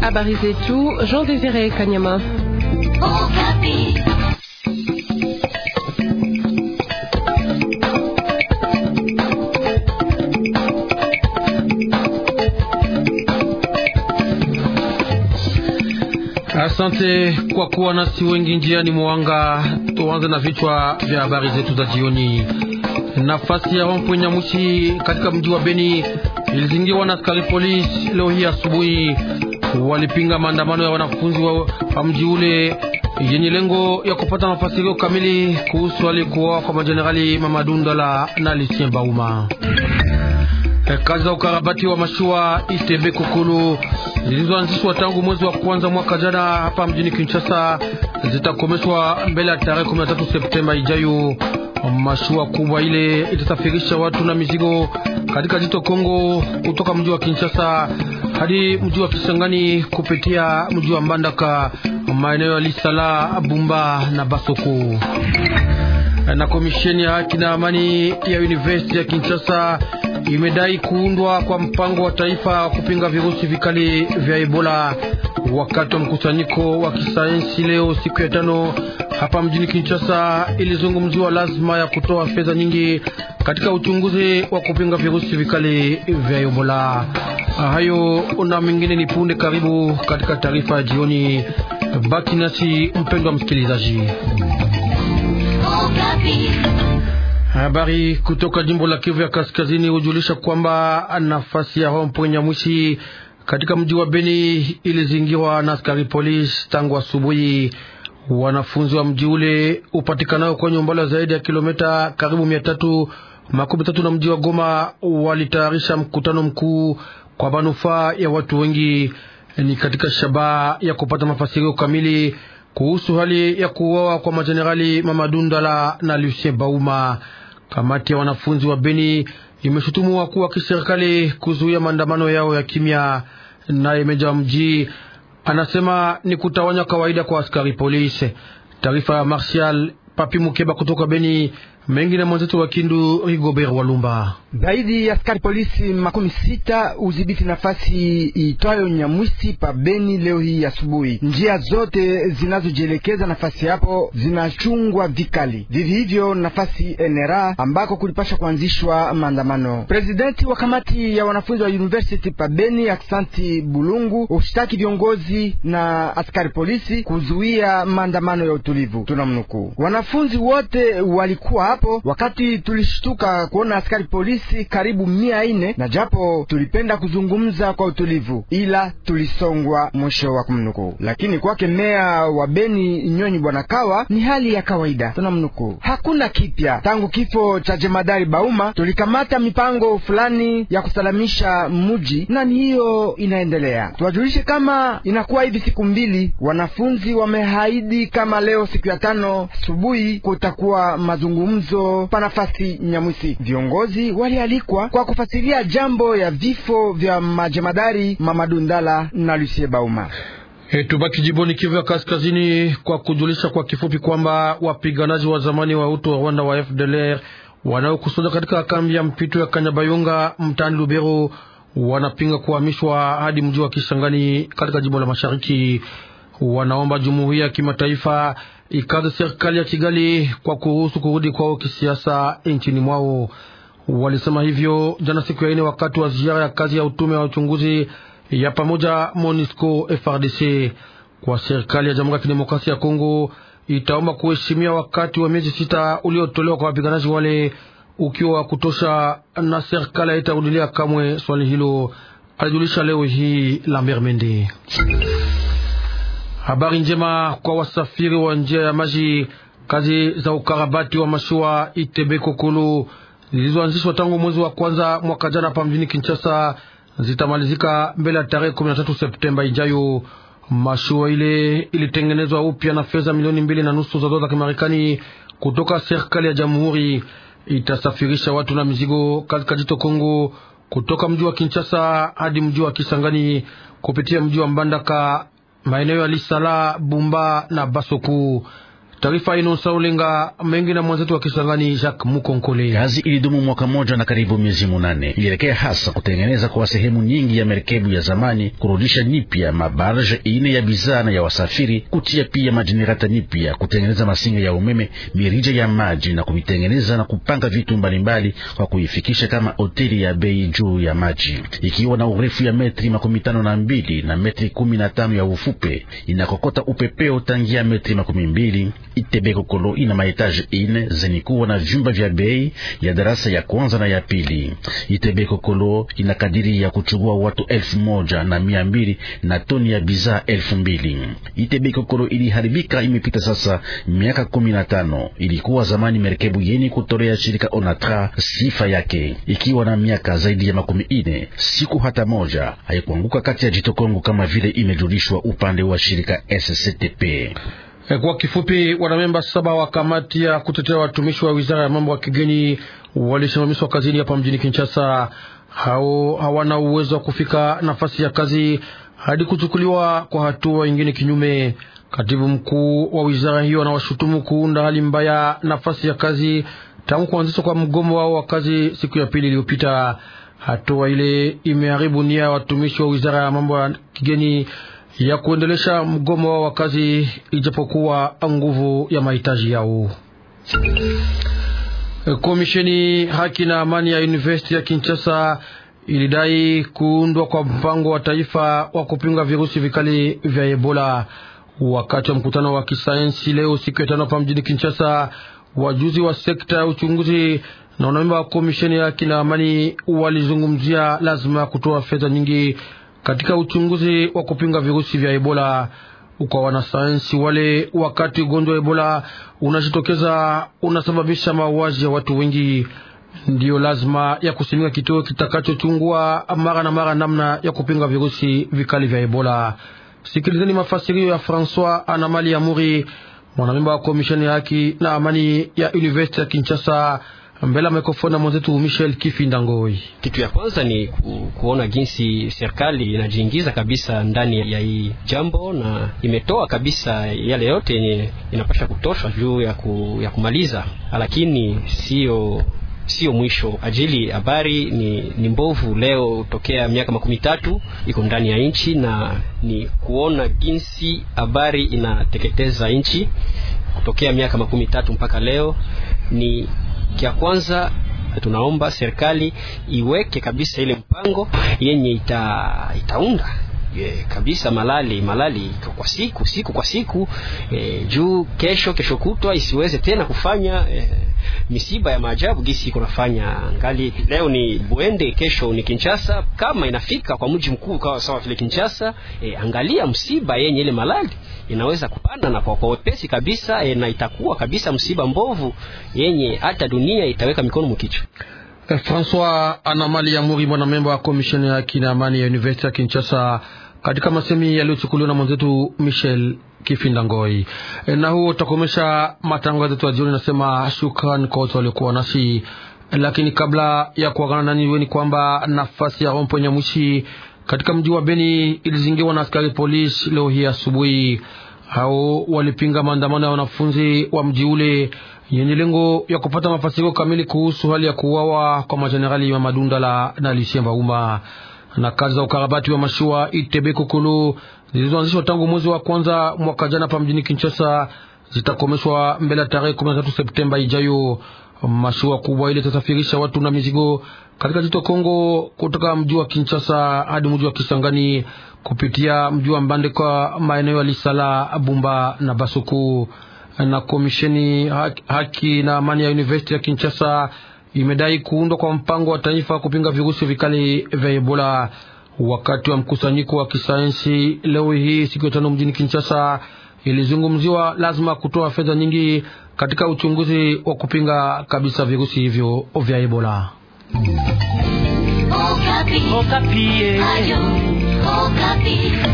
Habari zetu Jean Désiré Kanyama. Okapi. Asante kwa kuwa nasi wengi njiani mwanga. Tuanze na vichwa vya habari zetu za jioni. Nafasi ya rompo Nyamushi katika mji wa Beni ilizingirwa na askari polisi leo hii asubuhi. Walipinga maandamano ya wanafunzi wa mji ule yenye lengo ya kupata mafasirio kamili kuhusu alikuwa kwa majenerali Mamadundala na Lucien Bauma. Kazi za ukarabati wa mashua Itebe Kukulu zilizoanzishwa tangu mwezi wa kwanza mwaka jana hapa mjini Kinshasa zitakomeshwa mbele ya tarehe 13 Septemba ijayo. Mashua kubwa ile itasafirisha watu na mizigo katika jito Kongo kutoka mji wa Kinshasa hadi mji wa Kisangani kupitia mji wa Mbandaka, maeneo ya Lisala, Bumba na Basoko. Na komisheni ya haki na amani ya University ya Kinshasa imedai kuundwa kwa mpango wa taifa wa kupinga virusi vikali vya Ebola Wakati wa mkusanyiko wa kisayansi leo siku ya tano hapa mjini Kinshasa, ilizungumziwa lazima ya kutoa fedha nyingi katika uchunguzi wa kupinga virusi vikali vya Ebola. Hayo na mengine ni punde karibu katika taarifa ya jioni. Baki nasi mpendwa msikilizaji. Habari kutoka jimbo la Kivu ya Kaskazini hujulisha kwamba nafasi ya Rompwe Nyamwisi katika mji wa Beni ilizingirwa na askari polisi tangu asubuhi. Wa wanafunzi wa mji ule upatikanao kwenye umbali zaidi ya kilomita karibu mia tatu makumi tatu na mji wa Goma walitayarisha mkutano mkuu kwa manufaa ya watu wengi, ni katika shabaha ya kupata mafasirio kamili kuhusu hali ya kuuawa kwa majenerali mamadundala na Lucien Bauma. Kamati ya wanafunzi wa Beni imeshutumu wakuu wa kiserikali kuzuia maandamano yao ya kimya, naye meja mji anasema ni kutawanya kawaida kwa askari polisi. Taarifa ya Martial Papi Mukeba kutoka Beni, mengi na mwenzetu wa Kindu Rigobert Walumba. Zaidi ya askari polisi makumi sita udhibiti nafasi itwayo Nyamwisi pa Beni leo hii asubuhi. Njia zote zinazojielekeza nafasi hapo zinachungwa vikali, vivi hivyo nafasi NRA ambako kulipasha kuanzishwa maandamano. Presidenti wa kamati ya wanafunzi wa university pa Beni Aksanti Bulungu ushtaki viongozi na askari polisi kuzuia maandamano ya utulivu. Tunamnukuu, wanafunzi wote walikuwa hapo wakati tulishtuka kuona askari polisi polisi karibu mia ine, na japo tulipenda kuzungumza kwa utulivu, ila tulisongwa, mwisho wa kumnukuu. Lakini kwake meya wa Beni Nyonyi Bwana Kawa ni hali ya kawaida, tunamnukuu, hakuna kipya tangu kifo cha jemadari Bauma. Tulikamata mipango fulani ya kusalamisha muji na ni hiyo inaendelea. Tuwajulishe kama inakuwa hivi siku mbili, wanafunzi wamehaidi kama leo siku ya tano asubuhi kutakuwa mazungumzo pa nafasi Nyamwisi viongozi wa walialikwa kwa kufasiria jambo ya vifo vya majemadari Mamadundala na Lucie Bauma. Eh, tubaki jiboni Kivu ya Kaskazini kwa kujulisha kwa kifupi kwamba wapiganaji wa zamani wa uto wa Rwanda wa FDLR wanaokusudia katika kambi ya mpito ya Kanyabayonga mtaani Lubero wanapinga kuhamishwa hadi mji wa Kisangani katika jimbo la Mashariki. Wanaomba jumuiya ya kimataifa ikaze serikali ya Kigali kwa kuruhusu kurudi kwao kisiasa nchini mwao. Walisema hivyo jana siku ya ine wakati wa ziara ya kazi ya utume wa uchunguzi ya pamoja MONUSCO frdc Kwa serikali ya Jamhuri ya Kidemokrasia ya Kongo itaomba kuheshimia wakati wa miezi sita uliotolewa kwa wapiganaji wale ukiwa wa kutosha, na serikali haitarudilia kamwe swali hilo, alijulisha leo hii Lambert Mende. Habari njema kwa wasafiri wa njia ya maji. Kazi za ukarabati wa mashua Itebekokolo zilizoanzishwa tangu mwezi wa kwanza mwaka jana hapa mjini Kinshasa zitamalizika mbele ya tarehe 13 Septemba ijayo. Mashua ile ilitengenezwa upya na fedha milioni mbili na nusu za dola za Kimarekani kutoka serikali ya jamhuri. Itasafirisha watu na mizigo katika jito Kongo kutoka mji wa Kinshasa hadi mji wa Kisangani kupitia mji wa Mbandaka, maeneo ya Lisala, Bumba na Basoku. Taarifa ino saulinga mengi na mwenzetu wa Kisangani Jacques Mukonkole. Kazi ilidumu mwaka moja na karibu miezi munane. Ilielekea hasa kutengeneza kwa sehemu nyingi ya merikebu ya zamani, kurudisha nipya mabarge ine ya bidhaa na ya wasafiri, kutia pia majenerata nipya, kutengeneza masinga ya umeme, mirija ya maji na kuvitengeneza na kupanga vitu mbalimbali kwa kuifikisha kama hoteli ya bei juu ya maji, ikiwa na urefu ya metri makumi tano na mbili na metri kumi na tano ya ufupe, inakokota upepeo tangia metri makumi mbili Itebe Kolo ina maetage ine zeni kuwa na vyumba vya bei ya darasa ya kwanza na ya pili. itebe kokolo ina kadiri ya kuchukua watu elfu moja na mia mbili na toni ya bidhaa elfu mbili. Itebeko Kolo iliharibika imepita sasa miaka kumi na tano. Ilikuwa zamani merkebu yeni kutolea shirika Onatra sifa yake, ikiwa na miaka zaidi ya makumi ine. Siku hata moja haikuanguka kati ya jito Kongo kama vile imejulishwa upande wa shirika SCTP. E, kwa kifupi, wanamemba saba wa kamati ya kutetea watumishi wa wizara ya mambo ya kigeni walisimamishwa kazini hapa mjini Kinshasa. Hao hawana uwezo wa kufika nafasi ya kazi hadi kuchukuliwa kwa hatua nyingine kinyume. Katibu mkuu wa wizara hiyo anawashutumu kuunda hali mbaya nafasi ya kazi tangu kuanzishwa kwa mgomo wao wa kazi siku ya pili iliyopita. Hatua ile imeharibu nia ya watumishi wa wizara ya mambo ya kigeni ya kuendelesha mgomo wa wakazi ijapokuwa nguvu ya mahitaji yao. Komisheni haki na amani ya University ya Kinshasa ilidai kuundwa kwa mpango wa taifa wa kupinga virusi vikali vya Ebola wakati wa mkutano wa kisayansi leo siku ya tano hapa mjini Kinshasa. Wajuzi wa sekta ya uchunguzi na wanamemba wa komisheni ya haki na amani walizungumzia lazima kutoa fedha nyingi katika uchunguzi wa kupinga virusi vya Ebola kwa wanasayansi wale, wakati ugonjwa wa Ebola unajitokeza unasababisha mauaji ya watu wengi. Ndiyo lazima ya kusimika kituo kitakachochungua mara na mara namna ya kupinga virusi vikali vya Ebola. Sikilizeni mafasirio ya Francois Anamali Amuri, mwanamemba wa komisheni ya haki na amani ya University ya Kinshasa mbele ya mikrofoni na mwenzetu Michel Kifinda Ngoi. Kitu ya kwanza ni ku, kuona jinsi serikali inajiingiza kabisa ndani ya hii jambo na imetoa kabisa yale yote yenye inapasha kutosha juu ya, ku, ya kumaliza, lakini sio sio mwisho ajili habari ni, ni mbovu leo tokea miaka makumi tatu iko ndani ya nchi, na ni kuona jinsi habari inateketeza nchi kutokea miaka makumi tatu mpaka leo ni Kia kwanza tunaomba serikali iweke kabisa ile mpango yenye ita, itaunda E, kabisa malali malali kwa siku siku kwa siku e, juu kesho kesho kutwa isiweze tena kufanya e, misiba ya maajabu gisi kunafanya ngali leo ni Bwende, kesho ni Kinshasa. Kama inafika kwa mji mkuu kwa sawa vile Kinshasa, e, angalia msiba yenye ile malali inaweza kupanda na kwa kwa wepesi kabisa e, na itakuwa kabisa msiba mbovu yenye hata dunia itaweka mikono mkichwa. Eh, François Anamali Yamuri, membo wa komisheni ya haki na amani ya university ya Kinshasa katika masemi yaliyochukuliwa na mwenzetu Michel Kifinda Ngoi. E, na huo utakomesha matangazo yetu ya jioni. Nasema shukran kwa wote waliokuwa nasi, lakini kabla ya kuagana nanyi, weni kwamba nafasi ya Rompo nyamushi katika mji wa Beni ilizingiwa na askari polisi leo hii asubuhi. Hao walipinga maandamano ya wanafunzi wa mji ule yenye lengo ya kupata mafasiko kamili kuhusu hali ya kuuawa kwa majenerali Mamadou Ndala na Lucien Bahuma na kazi za ukarabati wa mashua Itebe Kokolo zilizoanzishwa tangu mwezi wa kwanza mwaka jana pa mjini Kinshasa zitakomeshwa mbele ya tarehe 13 Septemba ijayo. Mashua kubwa ile itasafirisha watu na mizigo katika jito Kongo kutoka mji wa Kinshasa hadi mji wa Kisangani kupitia mji wa Mbande kwa maeneo ya Lisala, Bumba na Basuku. Na komisheni haki na amani ya university ya Kinshasa imedai kuundwa kwa mpango wa taifa wa kupinga virusi vikali vya Ebola. Wakati wa mkusanyiko wa kisayansi leo hii siku ya tano mjini Kinshasa, ilizungumziwa lazima kutoa fedha nyingi katika uchunguzi wa kupinga kabisa virusi hivyo vya Ebola. Okapi. Okapi. Eh.